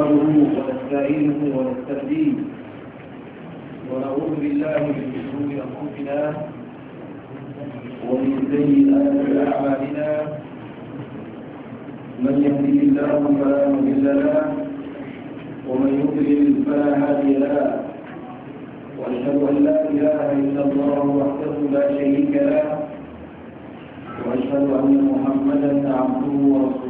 نحمده ونستعينه ونستهديه ونعوذ بالله من شرور انفسنا ومن سيئات اعمالنا من يهده الله فلا مضل له ومن يضلل فلا هادي له واشهد ان لا اله الا الله وحده لا شريك له واشهد ان محمدا عبده ورسوله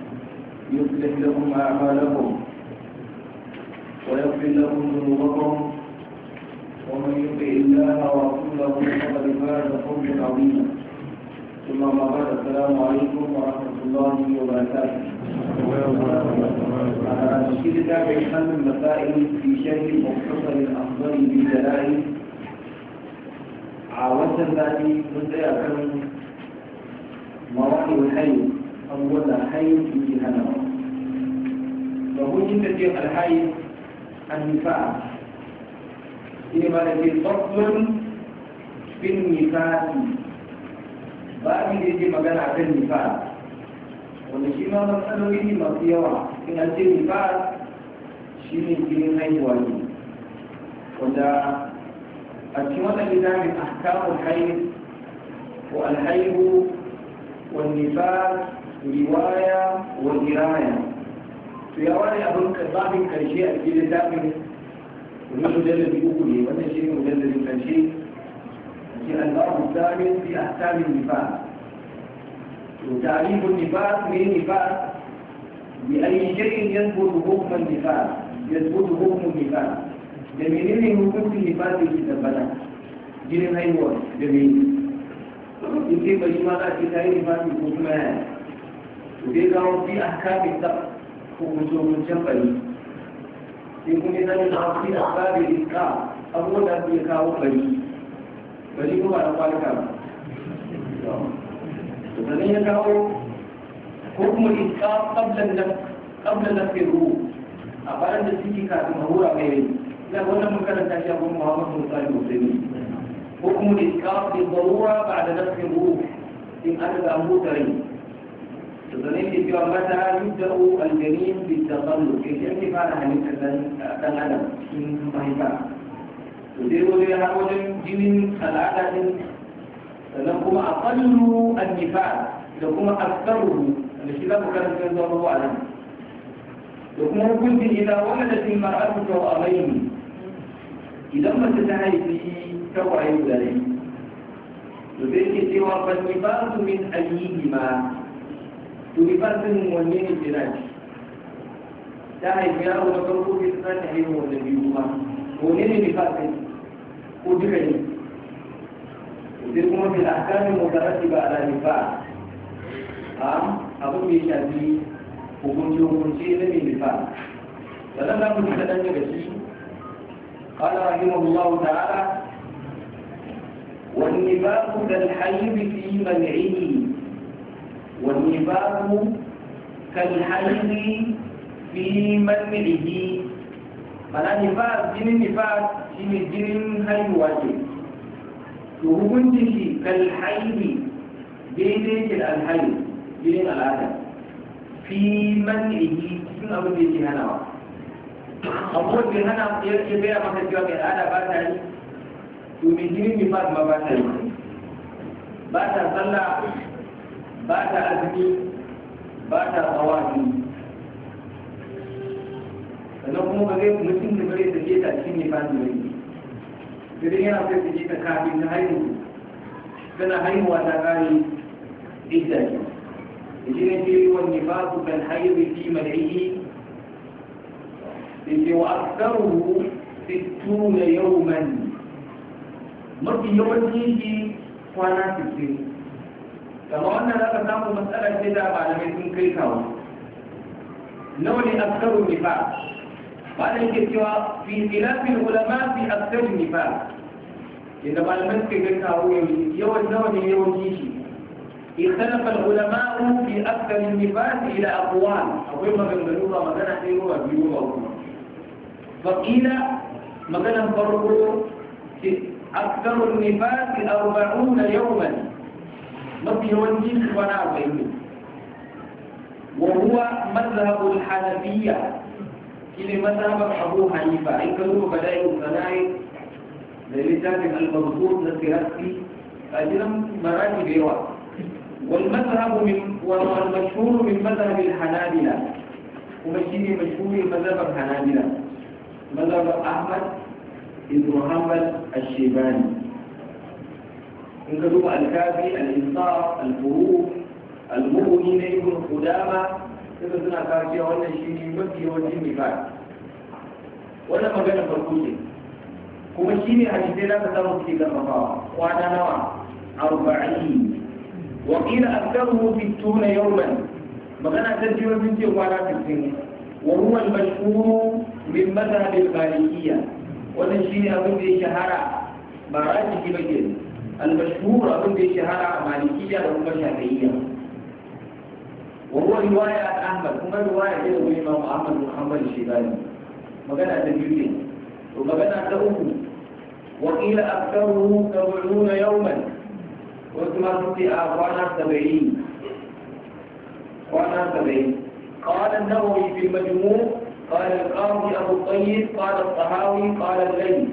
يصلح لكم أعمالكم ويغفر لكم ذنوبكم ومن يطع الله ورسوله فقد فاز فوزا عظيما ثم ما بعد السلام عليكم ورحمة الله وبركاته على تشكيل تابع خمس مسائل في شرح مختصر افضل بالدلائل عاودت ذاتي من مراحل الحي abubuwan hayin su ke hana ba da hujjin da ce alhayi annifa shi ba da ke tsoffin bin nifasi babu da yake magana kan nifa wanda shi ma matsaloli ne masu yawa in an ce nifa shi ne jirin haihuwa ne wanda a cikin wata gida mai ahkamun haihu ko alhaihu wa nifas رواية ودراية في أولي أبو الكتاب كان شيء أكيد داخل ونحن جلد بأقولي وأنا شيء مجلد كان في الأرض الثامن في أحكام النفاق وتعريف النفاق من النفاق بأي شيء يثبت حكم النفاق يثبت حكم النفاق جميل من حكم النفاق في تبنى جميل هاي هو جميل يمكن بشماله كتاب نفاق في حكمه bai gawo fi a kafin ta ko jambari bari sai kuma ya zama na fi a kafin ka abubuwan da su kawo bari bari kuma da kwalika ba zanen ya kawo ko kuma iska kablan da kablan da ruhu a bayan da suke kafin mahura mai rai ina wannan makaranta shi abin muhammadu musali musulmi ko kuma iska da barura ba da nafsin ruhu in an da mutane sebenarnya di dalam bahasa Arab itu anjarin di dalam lukis yang kita hanya kenal tangan dan mata. Jadi boleh nak boleh jinin salada jin. Dalam kuma akalu anjifat, dalam kuma akalu. Mestilah bukan dengan dua orang. Dalam kuma pun di dalam wala jin marah atau alaih. Ilam masih dah ini kau ayuh dari. Jadi siwa penyebab tu min alihima. to bi farkin wanne ne ke dace ta haifi yaro na farko bai za ta haifi wanda biyu ba wanne ne bi farkin ko duka ne sai kuma bi ahkamin mutarati ba ala nifa a abin da ya shafi hukunci hukunci na bi nifa sannan za mu ji kaɗan daga shi قال رحمه الله تعالى والنفاق كالحيض في منعه والنفاق كالحيض في منعه mana nifas jinin nifas shi ne jinin haihuwa ce to hukuncin shi kalhaihi daidai ke da alhayu jinin al'ada fi man'ihi cikin abin da yake hanawa abubuwan da hana ya ke gaya maka cewa mai al'ada ba ta yi to mai nifas ma ba ta yi ba ta sallah ba ta azumi ba ta tsawani sannan kuma ba zai mutum da bare sake ta cikin ne fasi ne idan yana sai sake ta kafin ta haihu tana haihuwa ta kare idda ne idan ke yi wani ba su kan haihu fi malayi da ke wa aksaru sittuna mani mafi yawancin shi kwana sittin kama wannan za ka samu matsalar ce da malamai sun kai kawo nawa ne askaru nifa malam ke cewa fi khilafin ulama fi askaru nifa yadda malamai suka kai kawo yawan nawa ne yawan kishi اختلف العلماء في أكثر النفاق إلى أقوال أقول مغنى لغة مغنى حيوة بيوة فقيل مغنى فرقه أكثر النفاق أربعون يوما مبيوني وانا وهو مذهب الحنفية إلي مذهب أبو حنيفة إن كانوا بدأوا بدأي لذلك المضبوط نسيرتي أجلم مراني بيوة والمذهب من والمشهور من مذهب الحنابلة ومشيني مشهور مذهب الحنابلة مذهب أحمد بن محمد الشيباني in ka duba alkafi al-insaf al-furuf al-mughni na ibn qudama duka suna kawo wannan shi ne mafi yawancin nifaq wannan magana farko ce kuma shi ne hadisai za ka samu suke karfafawa kwana nawa arba'in wa qila aktharuhu sittuna yawman magana ta biyu sun ce kwana 60 wa huwa al-mashhur min madhhab al-malikiyya wannan shi ne abin da ya shahara ba ra'ayi ba ke المشهور أبن بشهارة مالكية وهم شافعية وهو رواية عن أحمد كما رواية من الإمام أحمد بن محمد الشيباني مجانا تجيبين ومجانا تأوه وقيل أكثره سبعون يوما وثم في أعوانا سبعين أعوانا سبعين قال النووي في المجموع قال القاضي أبو الطيب قال الصحاوي قال الليل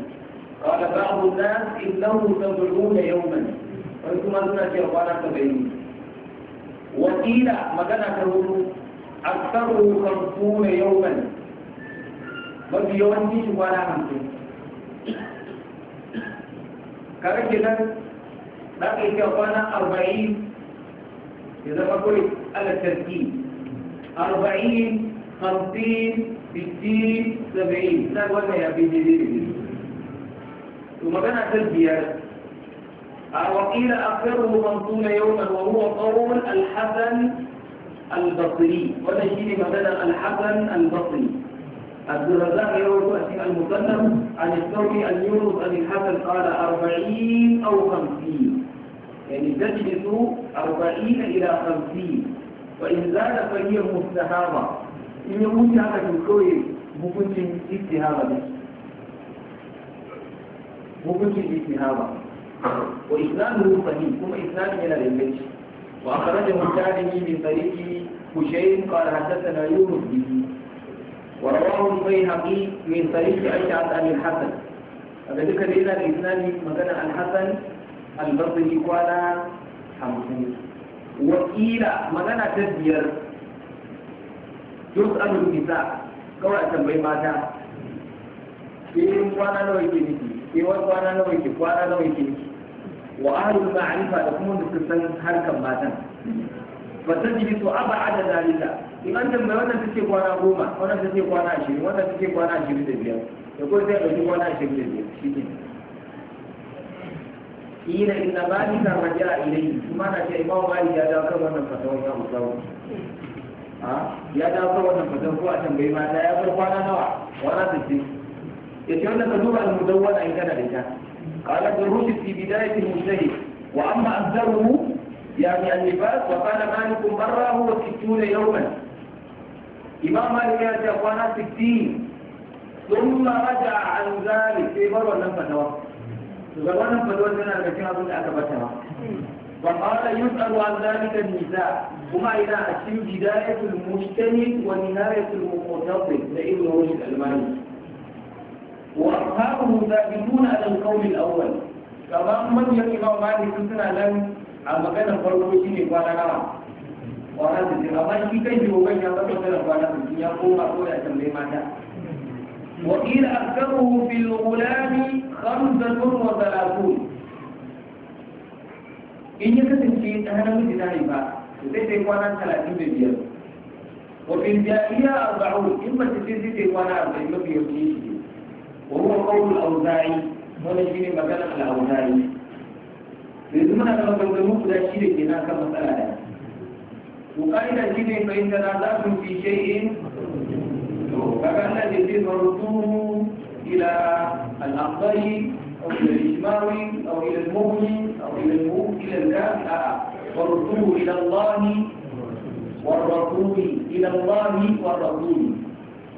قال بعض الناس إنه سبعون يوما ويكم أدنى جربانا سبعين وقيل مدنا تقول أكثره خمسون يوما بل يوانتي شوانا خمسين kaga kenan za ka yi kwana arba'in ya zama kawai ala tarki arba'in hamsin sittin saba'in na wannan ya fi ثم بنى تلبية آه، وقيل أخره منطول يوما وهو قول الحسن البصري ونشيل مثلا الحسن البصري عبد الرزاق يروي أسيم المسلم عن الثوري أن يونس أن الحسن قال أربعين أو خمسين يعني تجلس أربعين إلى خمسين وإن زاد فهي مستهابة إن يموت هذا الكوي ممكن استهابة به hukuncin istihaba wa islamu fahim kuma islamu yana da inganci wa akhrajahu al-tabi'i min tariqi hushayn qala hadathana yunus bihi wa rawahu al-bayhaqi min tariqi ash'ath an al-hasan daga duka da yana da islami magana al-hasan al-basri kwana 50 wa qila magana ta biyar yus'alu nisa kawai tambayi mata in kwana nawa yake nufi ke wani kwana nawa ke kwana nawa ke wa ahlul ma'rifa da kuma da san harkan matan fa tajlisu ab'ada zalika in an tambaye wannan take kwana goma wannan take kwana ashirin wannan take kwana ashirin da biyar da ko sai ɗauki kwana ashirin da biyar shi ne kila inna malika raja'a ilayhi kuma na ce imamu malik ya dawo kan wannan fatawar na musawu ya dawo kan wannan fatawar ko a tambayi mata ya bar kwana nawa kwana sittin يتي وانا المدونة إن كان لك قال ابن رشد في بداية المجتهد وأما أبدره يعني النفاس وقال مالك مرة هو ستون يوما إمام مالك يا أخوانا ستين ثم رجع عن ذلك في إيه مرة لم تتوقف زمانا فدور لنا لكن أظن أكبتها وقال يسأل عن ذلك النساء وما إلى أشياء بداية المجتهد ونهاية المقتصد لابن رشد المالك وأصحابه ثابتون على القول الأول كما من يقرأ مالك سنة لن أما كان فرقه شيء وانا نرى وانا تسير أما شيء كيف يوبين هذا مثلا وانا تسير يقوم أقول أسمي ماذا وقيل أكثره في الغلام خمسة وثلاثون إن ya شيء أنا hannun miji na haifa to sai dai kwana talatin da biyar wa bin jariya arba'un in mace ce وهو قول الأوزاعي هو الذي من مجال الأوزاعي في زمن أنا قلت لهم لا شيء لنا كمسألة وقال إذا جئنا فإننا لكم في شيء فقال الذي يجب إلى الأفضل أو إلى الإشماوي أو إلى المؤمن أو إلى المؤمن إلى الكافة آه، ورسوله آه. إلى الله والرسول إلى الله والرسول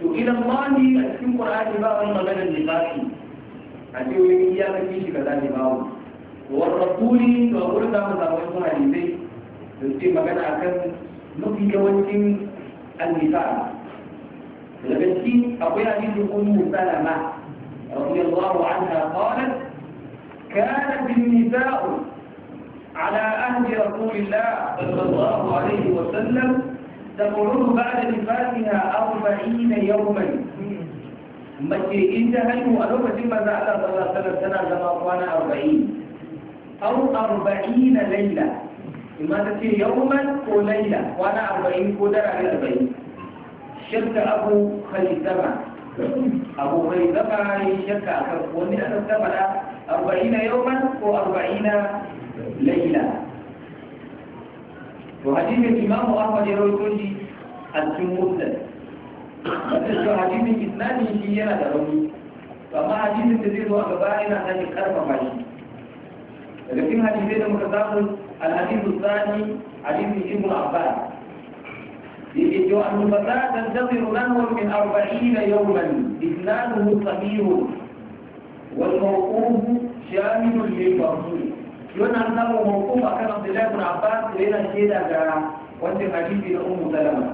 إلى ما لي أتكلم قرآن ما هو مدن النقاش أتي كذا ما والرسول يقول لنا من دعوة الله لذي لذي ما كان أكن نبي كونتين أقول لي تقول مسلمة رضي الله عنها قالت كانت النساء على أهل رسول الله صلى الله عليه وسلم تمر بعد نفاسها أربعين يوما mace in haihu a lokacin maza Allah sallallahu tana zama kwana 40 aw 40 laila imma ta ko laila kwana 40 ko dara shakka abu khalisama abu khalisama ne shakka akan wani ana sabara 40 ko laila وحديث الإمام أحمد يروي كل الجمهور مثل حديث الإسلام يشي ينا دروني فما حديث التزيد وأقبائنا أن يقرب ماشي لكن حديثين متضاد الحديث الثاني حديث ابن عباس يجوا أن الفتاة تنتظر نهوا من أربعين يوما إسناده صغير والموقوف شامل للمرسول yana an samu hukum a kan abdullahi ibn abbas da yana shaida ga wancan hadisi na ummu salama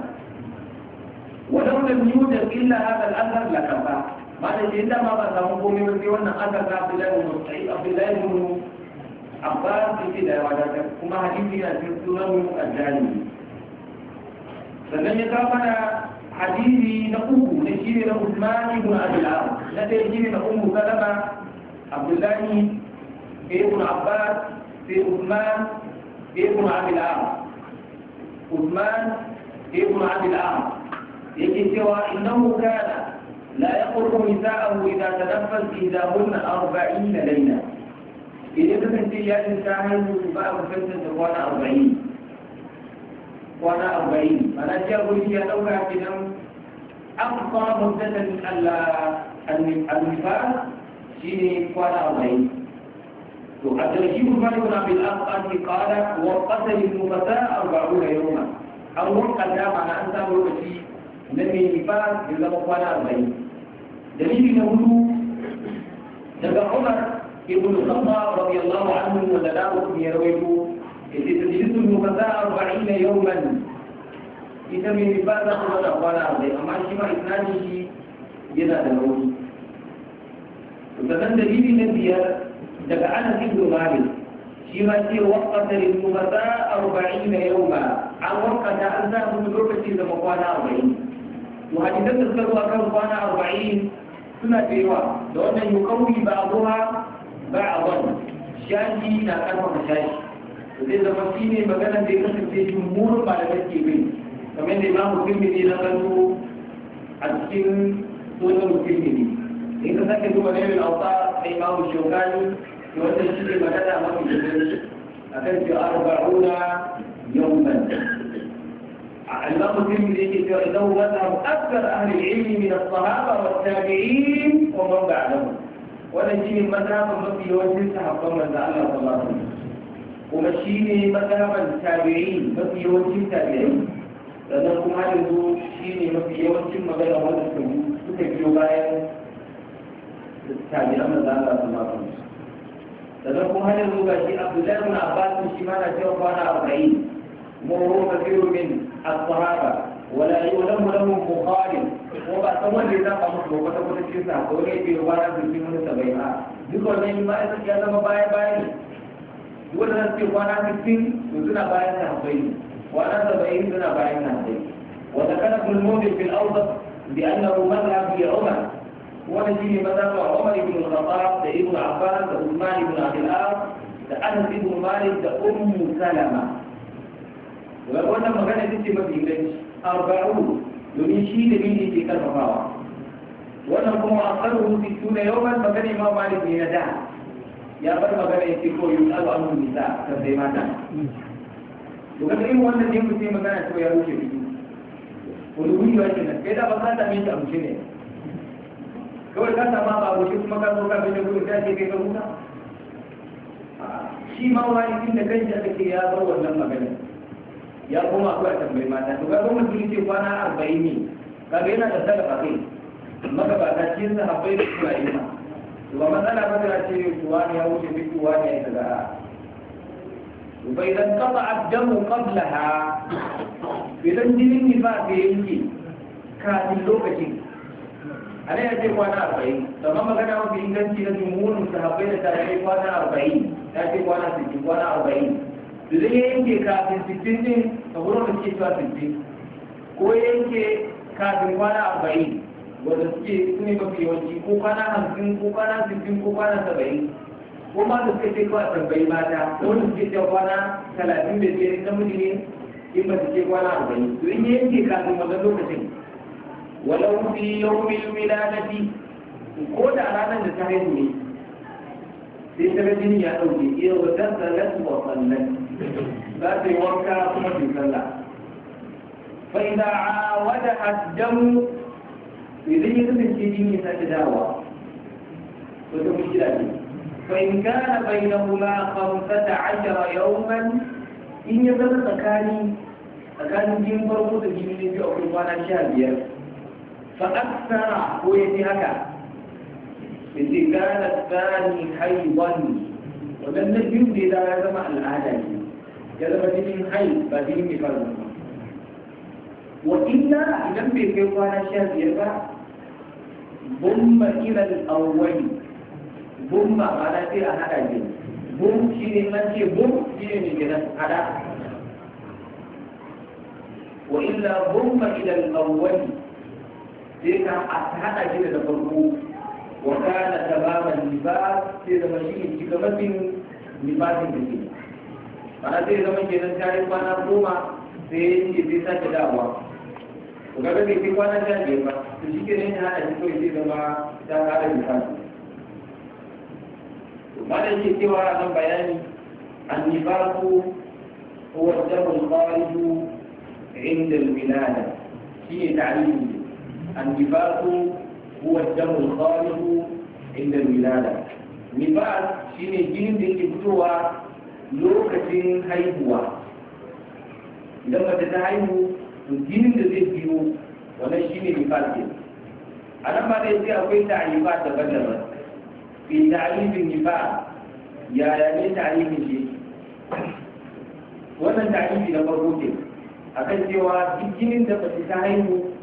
walau lam yujad illa hadha al-athar la kafa ba da shi inda ma ba samu komai ba sai wannan athar na abdullahi ibn sa'id abdullahi ibn abbas yake da wadatar kuma hadisi yana cikin sunan al-jani sannan ya kawo da hadisi na uku na shi ne na Usman ibn Abi al-As na dai shi ne na Ummu Salama Abdullahi في ابن عباس في عثمان في ابن عبد الأعمى عثمان في ابن عبد الأعمى يجي سوى إنه كان لا يقرب نساءه إذا تنفس إحداهن أربعين ليلة إذا كنت يا إنسان بقى بفتنة وأنا أربعين وأنا أربعين فأنا جاء أقول لي لو كان أقصى مدة النفاس شيني وأنا أربعين وأدركه الملك نبي الأسقاط قال وقتل المفتاة 40 يوما أول قدام على أنت مرتي نبي نفاق إلا مقوانا أربعين دليل نقول جدا عمر ابن الخطاب رضي الله عنه ودلاله في يرويه إذا تجلس المفتاة 40 يوما في من نفاق نقول الأقوانا أربعين أما الشمع إثنانه جدا دلوه فمن دليل نبيه daga anas ibn malik shi ma ce waqata lil khubata 40 yawma an waqata an za mu lokaci da kwana 40 to hadisan da suka zuwa kan kwana 40 suna da yawa da wannan yukawi ba abuha ba abun shaji na karfafa shaji zai zama shi ne maganar da ya kasance jumhurin malamai ke bin kamar da imamu kirmini na kano a cikin sunan kirmini in ka sake duba na yau da imamu shogani wanda shi ne magana mafi jirgin a kan cewa arba'una في مذهب أكثر أهل العلم من الصحابة والتابعين ومن بعدهم ونجيني مذهبا في يوجد سحب من الله صلى الله ومشيني مذهبا التابعين في يوجد تابعين ما هذا شيني مفي يوجد مغير هذا السجود تكبير بايا التابعين من الله صلى الله sannan kuma hannun ruga shi abdullahi ibn abbas shi ma na cewa kwana arba'in kuma ruwa kafiru min as-sahaba wala yulamu lahum bukhari ko ba san wanda ya zaba musu ba kwata kwata cikin sa ko ne bai kwana su cikin wani sabai ba duk wannan ma ya zama baya baya ne duk wanda suke kwana 60 to suna bayan sa habbai kwana 70 suna bayan na sa habbai وذكرت الموضع في الأوسط بأنه مذهب لعمر ونسيم مثلا عمر بن الخطاب سيد عباس وعثمان بن عبد الاب سأنس بن مالك أم سلمة ولكن لما كان يدسي ما في بيت أربعون يمشي لبيني في كل مقاوة ونقوم أخره في السنة يوما ما كان يمام مالك من يدع يا بل ما كان يتفو يسأل عنه النساء كبدي ما كان وكان إيه يمو أن الدين في السنة ما كان يتفو فيه ولو يجب أن يتفو كذا فقط أمين تأمشنه kawai ka sama ba aboki kuma ka zo ka fita kuma ta kai ka huta shi ma wani da kanta aka ce ya bar wannan magana ya koma kuwa tambayi mata to ga kuma sun ce kwana 40 ne ga yana da sadaka kai magabata cikin sahabbai da kuma ima to amma matsala ba ta ce kuwa ne ya wuce duk kuwa ne ya kaza to bai dan kafa addamu qablaha idan jinin ba كان yanke kafin lokaci a ya ce kwana arba'in kamar magana mafi inganci na jumhurin sahabbai da tare kwana arba'in ya ce kwana sittin kwana arba'in da zai yanke kafin sittin din a wurin da suke cewa sittin ko yanke kafin kwana arba'in wanda suke su ne mafi yawanci ko kwana hamsin ko kwana sittin ko kwana saba'in ko ma da suka ce kawai tambayi mata ko wanda suke cewa kwana talatin da biyar namiji ne in ba su ce kwana arba'in to in yanke kafin wannan lokacin walau fi yawmil wiladati ko da ranar da ta haihu ne sai ta jini ya dauke iya wajen salat wa sallat za ta yi wanka kuma ta sallah fa idza awada haddamu idan ya kasance jini ya sake dawowa to ta mushkila ne fa in kana in ya tsakanin da biyu sha biyar فأكثر ويتهكى إذ كان الثاني حيضا ومن نجم إذا لازم الأهدى كذا بدين حيض بدين بفرد وإلا إذا بكيوان الشاذية ضم إلى الأول ضم على تير أهدى ضم شيء من شيء ضم شيء من جنس أهدى وإلا ضم إلى الأول sai ka a haɗa shi da farko wa kana tababan nifas sai zama shi ne cikamafin nifasin da ke ma'ana zai zama kenan tarin kwana goma sai yanke sai sake dawowa to kaga bai kai kwana sha biyar ba to shi kenan ya haɗa shi kawai sai zama ta ƙara nifasi to malam ke cewa a nan bayani annifasu هو الدم الخارج عند الولادة هي تعليم النفاق هو الدم الخالص عند الولادة نفاق da جين دي كبتوا لوكتين هايبوا لما تتهايبوا جين دي بيو ولا شيني نفاق a nan ba zai sai akwai ta'arifa daban-daban fi ta'arifin nifa yaya ne ta'arifin shi wannan ta'arifi na farko ke akan cewa duk jinin da ba ta haihu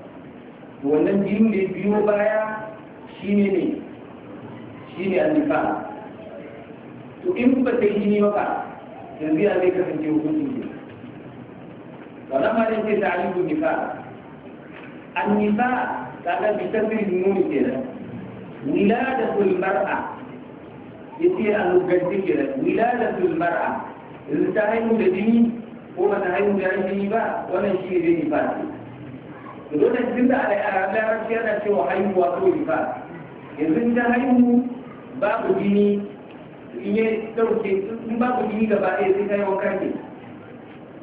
to wannan jin da biyo baya shi ne ne shi ne annifa to in ba ta yi ni maka yanzu ya zai kasance hukuncin ne ba na dai sai ta alibu nifa annifa ta ga bitasir nuni da wiladatul ya ce a lugarci kenan da mar'a yanzu ta haihu da jini ko ba ta haihu da jini ba wannan shi ne zai nifa ce domin tun da a larabci yana cewa haihuwa ko rifa yanzu ta haihu babu jini in ya dauke in babu jini gaba ɗaya sai ta yi wanka ne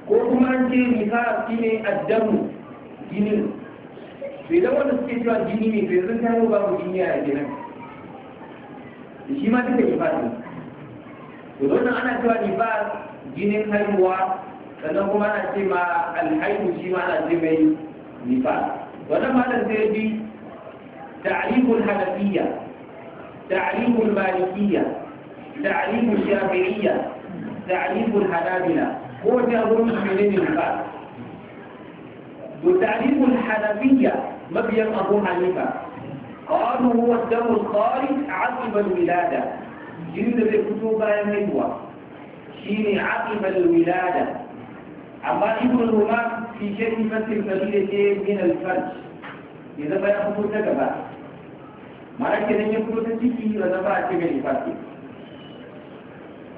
ko kuma an ce rifa shi ne addamu jinin to idan wanda suke cewa jini ne to yanzu ta haihu babu jini a jinin shi ma duka rifa ne to wannan ana cewa rifa jinin haihuwa sannan kuma ana ce ma alhaihu shi ma ana ce mai نفاق ولما تنتهي تعريف الحنفية تعريف المالكية تعريف الشافعية تعريف الحنابلة هو جابر من النفاق وتعريف الحنفية مبيا أبو حنيفة قالوا هو الدم الخارج عقب الولادة جلد يا يمدوى شيني عقب الولادة أما ابن الهمام في شيء يفسر قليلة من الفرج إذا ما يأخذ تكبا معنى كده يقول تسيكي وإذا ما أتبع الفاتي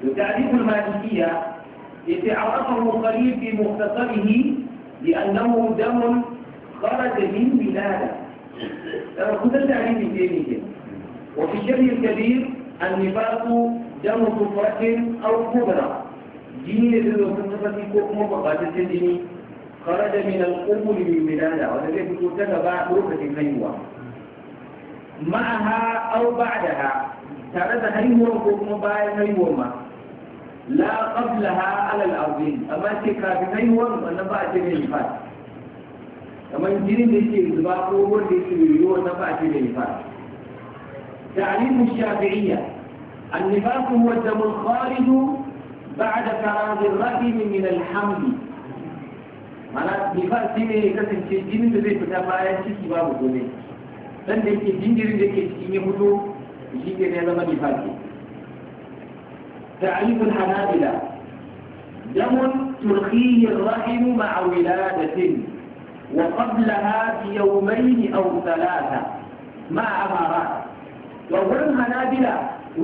وتعريف المالكية يتعرفه قليل في مختصره لأنه دم خرج من بلاده ترى خذ التعريف الجميل وفي الشر الكبير النفاق دم كفرة أو كبرى جيني الذي في كفر مبقى تسجني خرج من القبل للولادة والذي تتوتك بعد روحة الميوة معها أو بعدها ترد هيوة وكما ميوة ما لا قبلها على الأرضين أما في ميوة وأنا بعد من الفات أما يجري أن يكون إذباق أول يسوي وأنا بعد من الفات تعليم الشافعية النفاق هو الدم الخارج بعد فراغ الرحم من الحمل mana nifas shi ne ya kasance jinin da zai fita bayan ciki babu gome dan da yake jinjirin da yake cikin ya fito shi ne ya zama nifas تعريف الحنابلة دم تلقيه الرحم مع ولادة وقبلها بيومين أو ثلاثة مع أمارات وأولا حنابلة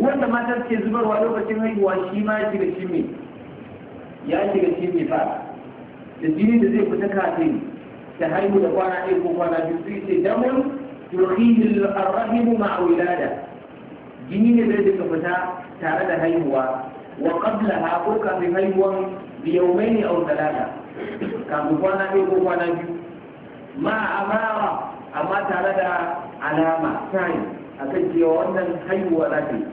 wanda matar ke zubarwa lokacin haihuwa shi ma ya shiga shi ya shiga shi ne da jini da zai fita kafin ta haihu da kwana ɗaya ko kwana biyu sai ce damun turhihil arrahimu ma'a wilada jini ne zai duka fita tare da haihuwa wa qablaha ko kafin haihuwan biyaumaini aw talata kafin kwana ɗaya ko kwana biyu ma amara amma tare da alama sign akan cewa wannan haihuwa za ta yi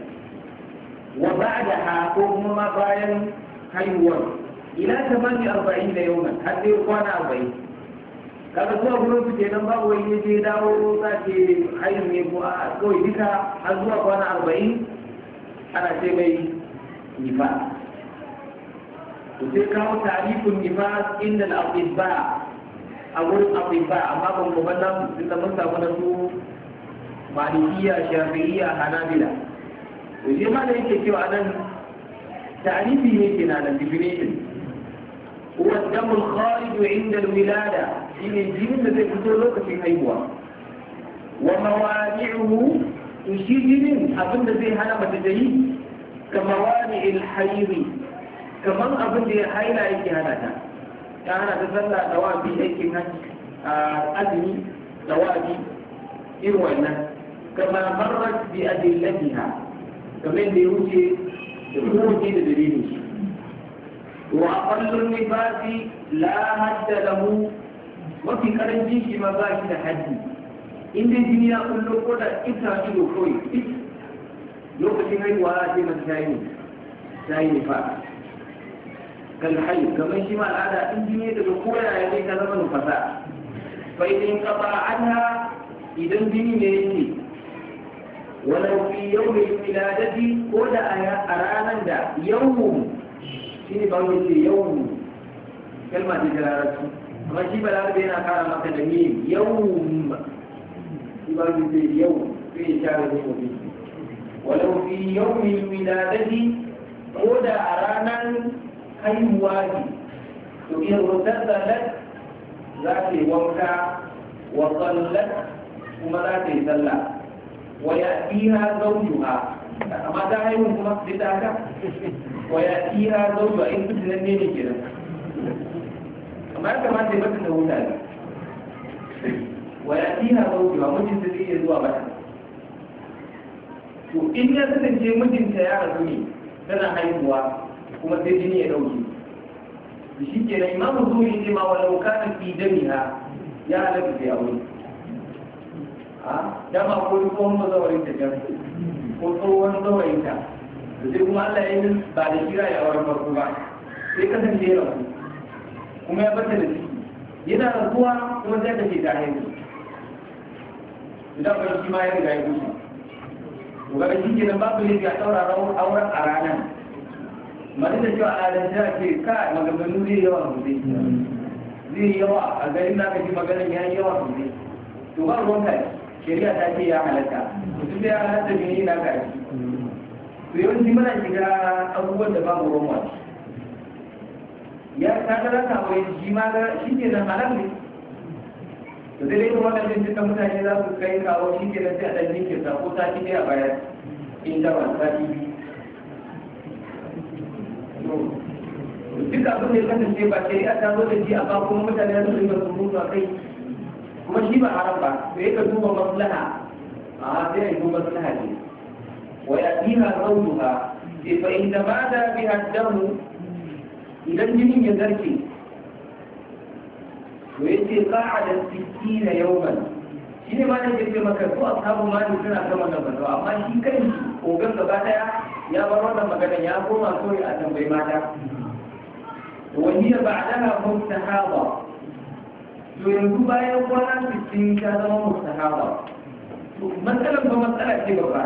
wa ba ba'daha ko kuma bayan haihuwar ila tamani arba'in da yau yawman har sai kwana arba'in kaga zuwa gurin su kenan babu wani yaje dawo za ke hayin ne ko a kawai duka har zuwa kwana arba'in ana ce mai nifa to sai kawo tarifin nifa inda al'abibba a wurin abibba amma ban mu wannan duk da mun samu na su malikiya shafi'iyya hanabila to sai ma da yake cewa nan tarifi ne na da definition هو الدم الخارج عند الولادة إن الجن زي كتولو كتين أيوة وموانعه يشي جنين أبن زي هنا متجهي كموانع الحيض كمان أبن زي حيلة أيكي هنا كان تسلى دوابي أيكي هنا أدني دوابي إروينا كما مرت بأدلتها كمان بيوجي بيوجي دليل وأقل النفاق لا حد له mafi karancin shi ma ba da haddi in dai jini ya da ita ido kawai lokacin haihuwa ya ce mata shayi shayi ne fa kalhai kamar shi ma al'ada in jini daga koya ya ce ta zama nufasa bai din kafa anha idan jini ne yake walau fi yau mai filadati ko da a ranar da yau shi ne ba wai yawan kalma ce ta larabci amma shi ba larabci yana kara maka da yau. yawan ba shi ba wai ce yawan ko ya share ne mafi yi fi da wiladati ko da a ranar haihuwa ne to in rutsalat za ta yi wanka wa tsallar kuma za ta yi sallah wa ya fiha zaujuha amma ta haihu kuma sai ta haka Waya ya tsira zau ba in fitinan ne ne kenan amma ya kamata ya bata da wuta ne Waya ya tsira zau ba mutum da zai iya zuwa mata to in ya ce mijinta ya rasu ne tana haihuwa kuma sai jini ya dauke shi kenan imamu zuwa ce ma walau kana fi jami'a ya halatta da yawo a dama ko tsohon mazawarin ta jan ko tsohon zawarin ta sai kuma Allah ya yi ba da kira ya wani farko ba sai kasance ya rabu kuma ya bata da ciki yana rabuwa kuma zai kashe ta haihu idan kwanci shi ma ya riga ya gusa to ga shi kenan babu ne ya a auren a ranar mace da cewa al'adar ta ce ka maganganu zai yawa sosai zai yawa a garin na aka ji ya yi yawa sosai to ba ruwan kai shari'a ta ce ya halatta mutum ya halatta ne yana kai to yawanci muna shiga abubuwan da ba mu wasu ya kaga za ta wai jima ma ga shi ke nan halal ne to dai dai kuma kan ta mutane za su kai kawo shi ke nan sai a ɗan jinkin sa ko sati ɗaya a baya in da wani sati biyu duk abin da ya kasance ba shari'a ta zo da a ba kuma mutane za su rinka surutu a kai kuma shi ba haram ba to ya ka duba maslaha a sai a yi duba maslaha ne ويأتيها زوجها فإن مات بها الدم إلى ya يزكي ويأتي قاعدة ستين يوما shi ne ma da ke ce maka ko ashabu mali suna ta wannan amma shi kan shi ogan gaba daya ya bar wannan magana ya koma kawai a tambayi mata wani da ba'dana mustahaba to yanzu bayan kwana 60 ta zama mustahaba to matsalar ba matsala ce ba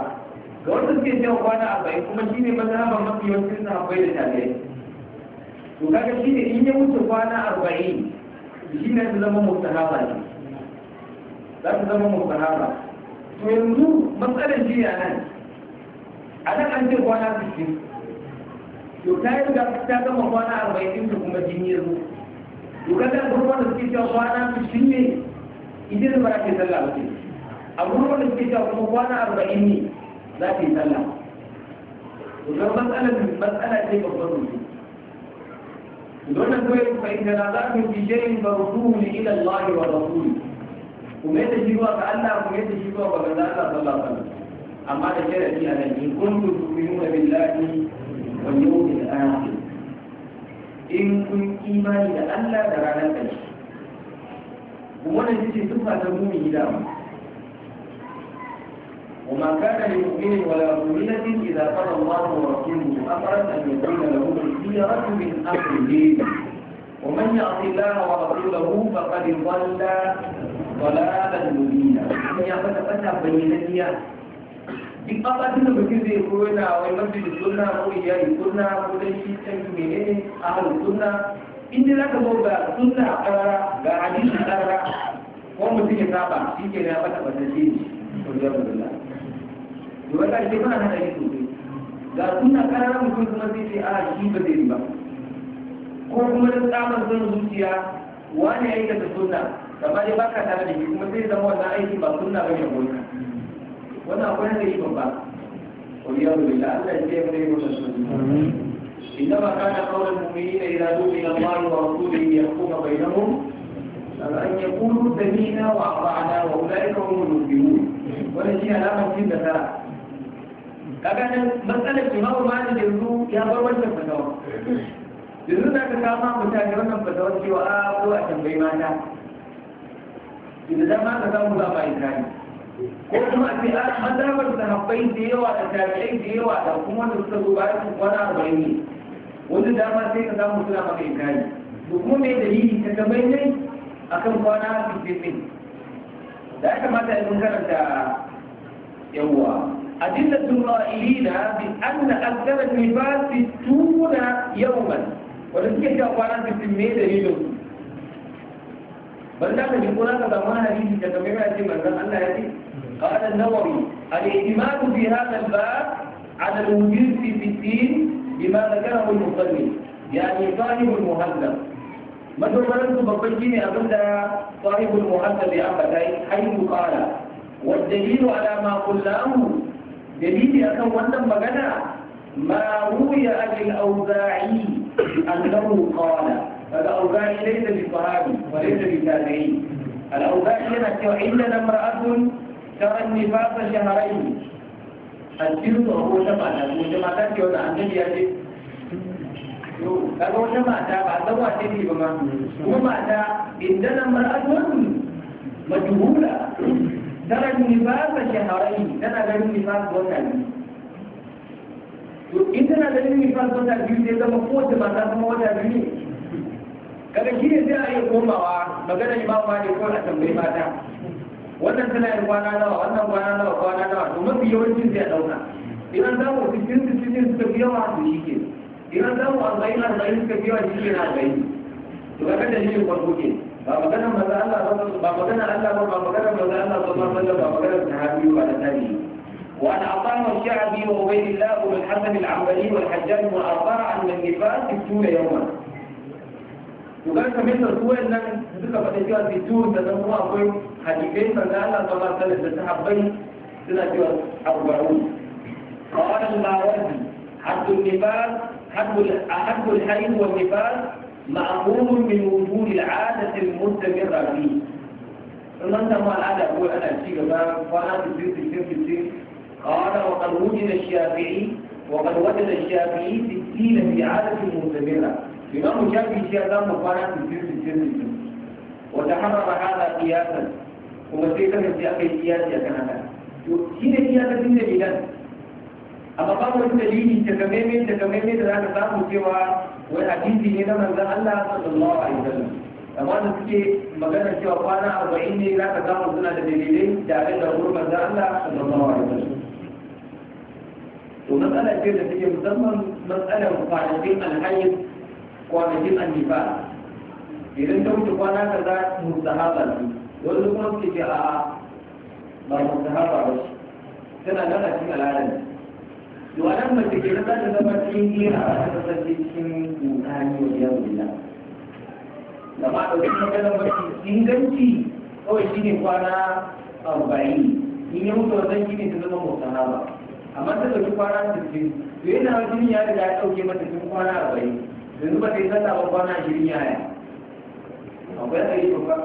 ga wanda suke cewa kwana arba'in kuma shi ne mazhaban mafi yawancin akwai da tafiya to kaga shi ne in ya wuce kwana arba'in shi ne su zama mustahaba ne za su zama mustahaba to yanzu matsalar shi ya nan a nan an ce kwana sittin to ta yi ga ta gama kwana arba'in da kuma jini ya zo to kaga gurbar da suke cewa kwana sittin ne idan ba ta sallah ba ce a gurbar da suke cewa kuma kwana arba'in ne za ta yi sallah to matsalar matsala ce babban mutum wannan kawai fa in kana za ku fi shayin barzuhu ila Allah wa rasuli kuma yadda shi ga Allah kuma yadda shi ga Allah sallallahu alaihi wasallam amma da sharadi a nan in kuntum tu'minuna billahi wal yawmil akhir in kun imani da Allah da ranar ƙarshe wannan shi ce sifa ta mumini da وما كان لمؤمن ولا مؤمنة إذا قضى الله ورسوله أمرا أن يكون له خيرة من أمره ومن يعص الله ورسوله فقد ضل ضلالا مبينا من يعمل فتح بينتيا duk abin da mutum zai koyo na wai masjid sunna ko iyali sunna ko dai shi kan menene ahlus sunna in dai zaka zo ga sunna karara ga hadisi karara ko mutum ya saba shi ke na fata fata shi to alhamdulillah da wata shi ba na yi sosai ga suna ƙararra mutum kuma sai sai a ah, shi ba zai ba ko kuma da tsabar son zuciya wani aikata suna gaba dai baka tare da shi kuma sai zama wannan aiki ba suna ba ne goyi wannan akwai da yi babba waliya da Allah ya ce ya kai wannan suna إنما كان قول المؤمنين إذا دعي الله ورسوله يحكم بينهم أن يقولوا سمينا وأطعنا وأولئك wani المسلمون ونجينا لا da ترى kaga nan matsalar imamu da yanzu ya bar wannan fatawa yanzu za ka kama mutane wannan fatawar cewa a ah, ko a tambayi mata idan ma ka samu ba ma ne. ko kuma a ce a ah, mazhabar sahabbai da yawa da tabi'ai da yawa da kuma wanda suka zo bayan su kwana arba'in ne wanda dama sai ka samu suna maka ne. to kuma me dalili ta tambayi ne kan kwana sittin da ya kamata in karanta yawwa أدلة القائلين بأن أكثر النفاس ستون يوما ولكن كيف أقوانا في سمية دليل بل نحن يقول هذا ما هذه كما يأتي أن هذه قال النووي الاعتماد في هذا الباب على الوجود في الدين بما ذكره المصلي يعني صاحب المهذب ما مثلا ببين أبدا صاحب المهذب يا أبدا حيث قال والدليل على ما قلناه dalili akan wannan magana ma ruya abin auza'i annahu qala daga auza'i laysa bi sahabi wa laysa bi tabi'i al-auza'i yana cewa inna imra'atun tara nifasa shahrayn al-jiru ko ta mata ko ta mata ce wanda annabi ya ce kaga wata mata ba san wace ce ba ma kuma mata inda imra'atun majhula tara libasa shahararri tana ganin libasa wata biyu to in tana ganin libasa wata biyu ne zama kowace mata kuma wata biyu ne kaga shi ne sai a iya komawa magana imam malik ko a tambayi mata wannan tana yin kwana nawa wannan kwana nawa kwana nawa to mafi yawancin sai a dauka idan za mu sittin sittin suka fi yawa su shi ke idan za mu arba'in arba'in suka fi yawa shi ke na arba'in to kaga dalilin farko ke ba magana وأن أطعم الشعبي وعبيد الله بن الحسن العنبري والحجاج وأطاع عن النفاق ستون يوما وقال كمان رسول الله ذكر في ستون تدموا في حديثين فإن الله صلى الله عليه وسلم تحبين سنة أربعون قال الماوردي حد النفاق حد الحيض والنفاق معقول من وجود العادة المستمرة فيه فمن ما العادة هو أنا في جبار فأنا في الزيت في قال وقد وجد الشافعي وقد وجد الشافعي ستين في عادة مستمرة الإمام الشافعي لا مقارنة في الزيت في وتحرر هذا قياسا ومسيطة في أخي القياس يا كندا هي قياسة النبي amma ba wani dalili ta game mai ta game mai da za ka samu cewa wani hadisi ne na manzan Allah sallallahu alaihi wasallam amma da suke magana cewa kwana arba'in ne za ka samu suna da dalilai da abin da wurin manzan Allah sallallahu alaihi wasallam to matsala ce da take musamman matsalar kwanakin alhayyar kwanakin annifa idan ta wuce kwana ka za mu sahaba ne wani kuma suke ce a'a ba mu sahaba ba tana nan a cikin al'adar to a nan mace ke za ta zama cikin gina a ta kasance cikin kokari wa biyar bila gama da wani maganar mafi inganci kawai shi ne kwana arba'in in yi mutu wannan shi ne ta zama mutana ba amma ta ɗauki kwana sittin to yana jini ya riga ya ɗauke mata cikin kwana arba'in yanzu ba ta yi sallah ba kwana ashirin yi. akwai ta tsaye ba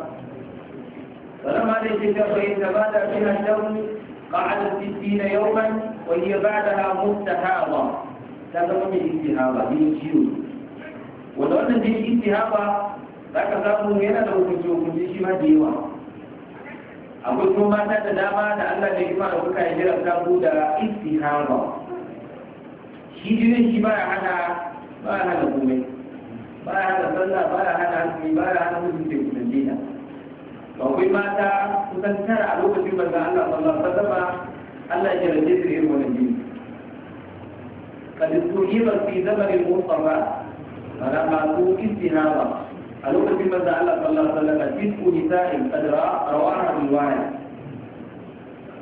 فلما ليس كفيت بعد من الدم قعد ستين يوما وهي بعدها ba ta zama mai istihaba ne ciwo wanda wannan da shi istihaba za ka samu yana da hukunci hukunci shi ma da yawa akwai kuma mata da dama da Allah da hikima da kuka yi jiran samu da istihaba shi jirin shi ba ya hana ba ya hana komai ba ya hana sallah ba ya hana azumi ba ya hana mutum da kusan dina akwai mata kusan tara a lokacin banzan Allah sallallahu alaihi wasallam Allah ya rage su irin wannan jini kad tuhiba fi zamanin mustafa ala ma tu istinaba a lokacin manzo Allah sallallahu alaihi wasallam tisku nisa'in qad rawaha riwaya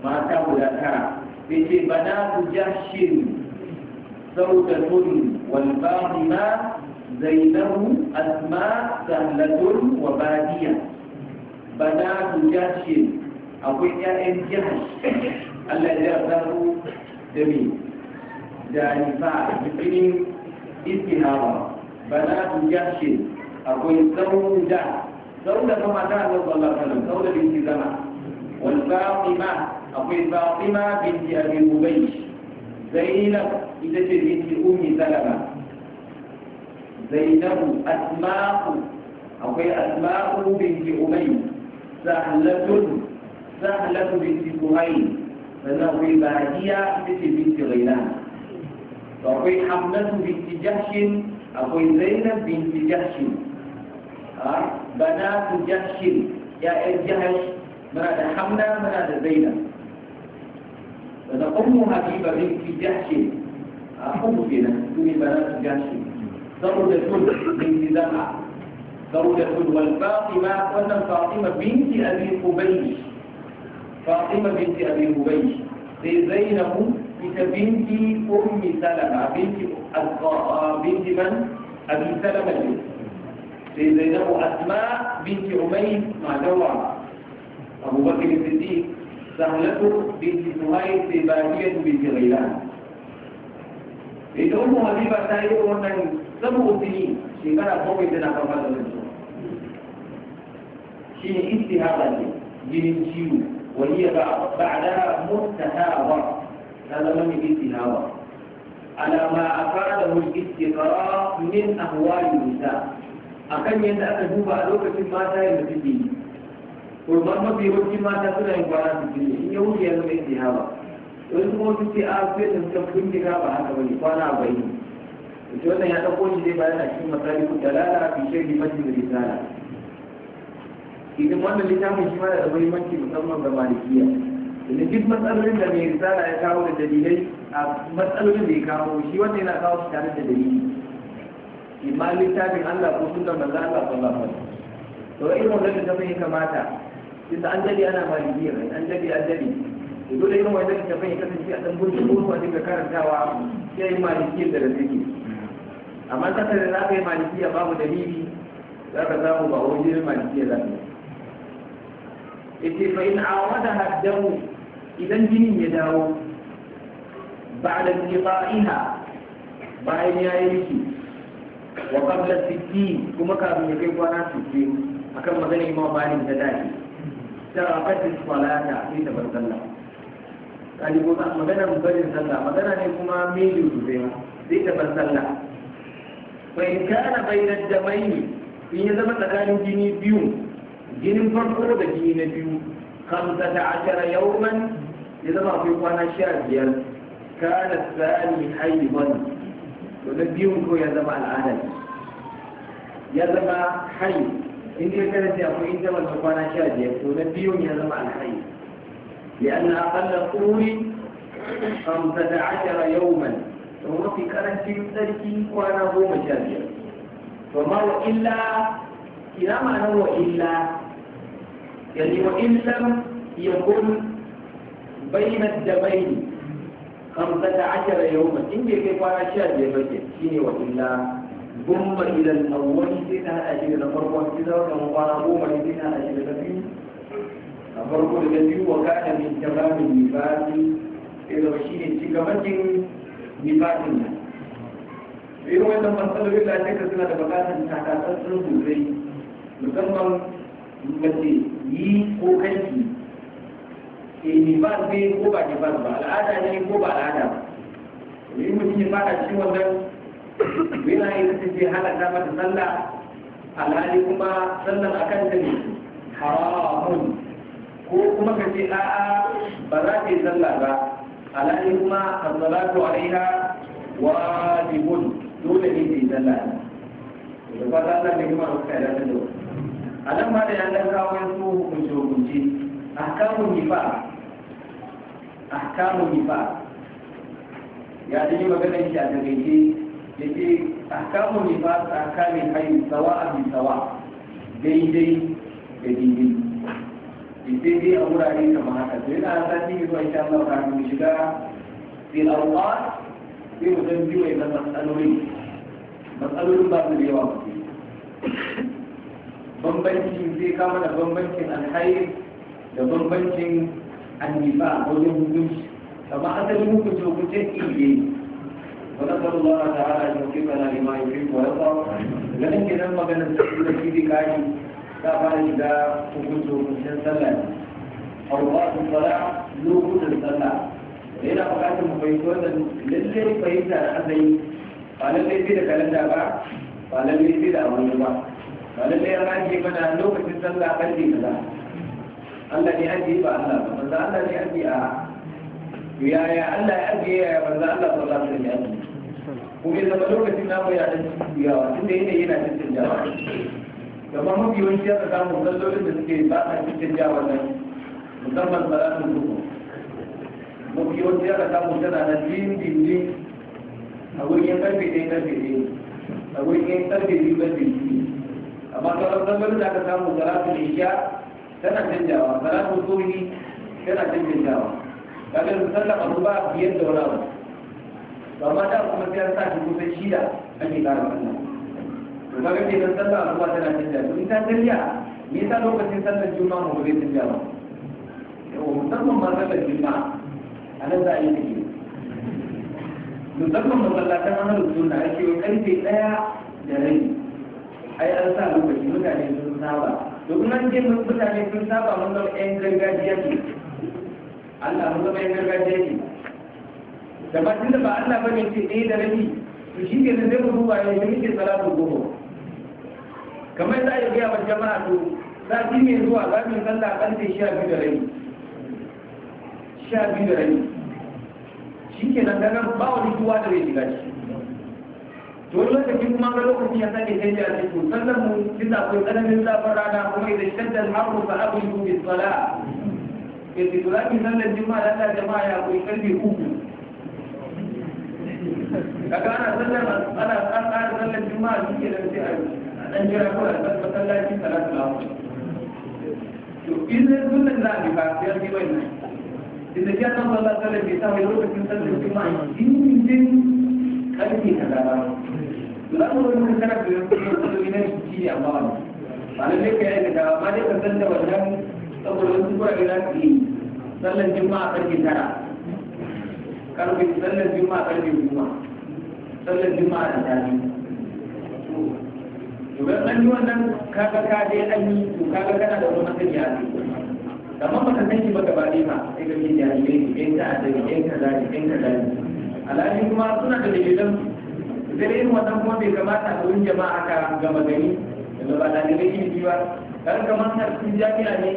mata guda tara sai ce bana ku jahshin zawjatun wal baqima زينب أسماء سهلة وبادية بنات جهش أبويا إن جهش الذي يغذر دمي يعني فاعل بكلم اتهارا بلاد يحشن أقول سروا جاء سروا لكم أتاه الله صلى الله عليه وسلم سروا بنت زمان والفاطمة أقول فاطمة بنت أبي مبيش زينب إذا تريد أم سلمة زينب أسماء أقول أسماء بنت أمي سهلة سهلة بنت سهيل sannan akwai ba'diya ita ce binti ghailan to akwai hamdatu binti jahshin akwai zainab binti jahshin banatu jahshin ya'yan jahash muna da hamda muna da zainab sannan ummu habiba binti jahshin a ummu kenan su ne banatu jahshin saboda sun binti zama saboda sun wal fatima wannan fatima binti abi qubaysh fatima binti abi ubayy sai zainabu ita binti ummi salama binti binti man abi salama ne sai zainabu asma binti umayy madawa abubakar siddiq sahlatu binti suhaib sai bakiyatu binti ghailan ita umu habiba ta yi wannan sabu usini shekara bakwai tana kan fasa da su shi ne istihaba ne Ginin ciwo وهي بعدها متهاورة هذا من التلاوة على ما أفاده الاستقراء من أهوال النساء akan yadda aka duba a lokacin mata yadda suke yi kurban mafi yawancin mata suna yin kwana su jini in ya wuce ya zama hawa wani kuma wasu ce a fiye da suka ba haka bane kwana arba'in ita wannan ya ɗauko shi zai bayan a cikin masali ku dalala fi shaidi majalisar risala idan wannan littafin shi ma da muhimmanci musamman ga malikiya da duk matsalolin da mai risala ya kawo da dalilai a matsalolin da ya kawo shi wanda yana kawo shi tare da dalili imma littafin Allah ko sunan manzo Allah sallallahu alaihi wasallam to irin wannan littafin ya kamata idan an dade ana malikiya an dade an dade to dole irin wannan littafin ya kasance a dan gurbin ko a dinga karantawa sai malikiyar da take amma kasar da za ka yi malikiya babu dalili za ka samu ba wajen malikiya za ka yi yace fa in awada haddamu idan jinin ya dawo ba ba'da ina bayan ya riki wa qabla siki kuma kafin ya kai kwana a kan maganar ma bayan da dace ta fatis kwalata sai da bar sallah kali ko maganar barin sallah magana ne kuma mejo sosai sai da bar sallah fa in kana bainad ne in ya zama tsakanin jini biyu Ginin farko da jini na biyu kamsa ta ashara yawman ya zama akwai kwana sha biyar kana sani haiwan to na biyun ko ya zama al'ada ya zama hai in ka kana sai akwai na kwana sha biyar to na biyun ya zama al'hai ashara أقل الطول خمسة mafi يوما tsarki kwana كرنتي sha biyar هو ma wa illa ina ما wa illa. يعني وإن لم يكن بين الدمين خمسة عشر يوما إن كيف أشاد يبكي شيني وإلا ثم إلى الأول سنة أجل نفرق كذا وكما قوم سنة أجل نفرق نفرق الذي وكان من تمام النفاق إذا وشيني تكمة نفاق الناس irin wannan matsalolin da إلا suna تبقى bukatar takatsar sun sosai musamman in ka yi ko kanki ke nifas ne ko ba nifas ba al'ada ne ko ba al'ada ba ne mutum ya fada cikin wannan yana yi ta ce halaka mata sallah alhali kuma sallan akan ta ne haramun ko kuma ka ce a'a ba za ta yi sallah ba alhali kuma as-salatu alaiha wajibun dole ne ta yi sallah ne, da fata Allah ne kuma ka da ta dawo a nan ma da yankan kawo ya so hukunce hukunce a kamun nifa a kamun nifa ya ta yi maganar shi a tagaice ya ce a kamun nifa a kamin hayu tsawa a bi tsawa daidai da daidai sai dai a wurare kamar haka to yana sati zuwa insha Allah mu shiga fil awqat sai mu zan biyo ya matsalolin matsalolin ba su da yawa ba bambancin zai kama da bambancin alhari da bambancin annifa a wajen hukunci amma asalin hukunci hukuncin ilimi wa nasaru Allah ta'ala ya yi kana lima ya fi wa yasa ganin kenan maganar da su da shi da ta fara shiga hukunci hukuncin sallah arwatu fara lokutan sallah yana bukatar mu fahimta wannan lallai fahimta da asali ba lallai sai da kalanda ba ba lallai sai da amana ba ba lalle ya rage mana lokacin sallah karfe kaza Allah ne ajiye ba Allah ba manzo Allah ne ajiye a yaya Allah ya ajiye yaya manzo Allah sallallahu alaihi wasallam Ku ya zama lokacin namu ya dan yawa da yanayi yana cikin jawa kuma mafi yawanci ya samu sallolin da suke ba a cikin jawa nan musamman ba salatul zuhur mafi yawanci ya samu tana nan din din din a wurin karfe ɗaya karfe ɗaya a wurin karfe biyu karfe biyu amma sauran zambarin da aka samu salatu isha tana canjawa salatu zuhi tana canjawa kaga da sallar asuba biyar da wani abu ba ma da kuma sai an sa shi kusan shida ake ƙara sallah to kaga ke nan sallar ba tana canjawa to in ta canja me yasa lokacin sallar juma'a mu bai canja yau musamman ma sallar juma'a a nan za a yi ta ke musamman masallatan hannun suna ake karfe ɗaya da rai ai an sa lokaci mutane sun saba duk nan ce mutane sun saba mun zama yan gargajiya ne Allah mun zama yan gargajiya ne da ba tunda ba Allah ne ce ɗaya da rabi to shi ke zai mu duba ne da muke salatu gobe kamar za a yi gaya wa jama'a to Za a mai zuwa za mu sallah ƙarfe sha biyu da rabi sha biyu da rabi shi ke nan ganin ba wani kuwa da bai shiga ciki to da lokaci kuma ga ya sake sai ya ce sallar mu tunda ko tsananin zafin rana kuma idan shadda al fa abridu bis salah ke ce sallar juma'a da jama'a ya koyi karfe uku kaga ana sallar ana tsara sallar juma'a shi ke nan sai a dan jira ko a san masallaci salatu al to in sunan da ni ba sai ni wai inda ya san sallar sallar bai sa wai lokacin sallar juma'a in din ba da abubuwan da kana da yanzu da kuma ina shi ne amma wani ba na dai ka yi da ba dai ka san da wannan saboda wasu kura da za su yi sallan juma'a karfe tara karfe sallan juma'a karfe goma sallan juma'a da tafi to ga an yi wannan kaga ka dai an yi to kaga kana da wani masani a kai amma ba ka sanki ba gaba ɗaya ba sai ga jin jami'ai ne ɗan ta'adda ne ka kaza ne ɗan kaza ne alhali kuma suna da dalilan dare yin wannan kuma bai kamata a wurin jama'a ka gama gari da ba yin ilimi ba ka kamar sarkin jami'a ne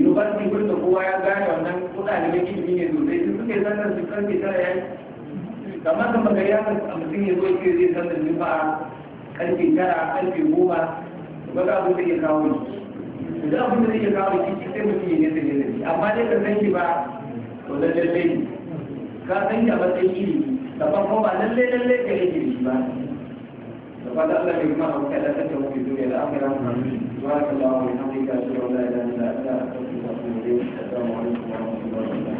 university gurin da kowa ya gane wannan ko ɗalibai ilimi ne sosai su suke zannan su ke tara yayi kamar da gari ya kan a mutum ya zo ya ce zai zannan juma'a karfe tara karfe goma ba ga abin da ya kawo ni da abin da ya kawo ki sai mutum ya sai ne amma dai ka san ki ba to lallai ka san shi a matsayin ilimi daban kuma ba lalle lalle ka yake yi ba daban da Allah bai mana wuka da ta tawo bi duniya da ta subhanallahi wa bihamdihi ashhadu an la ilaha illa anta astaghfiruka wa atubu ilayk assalamu alaikum wa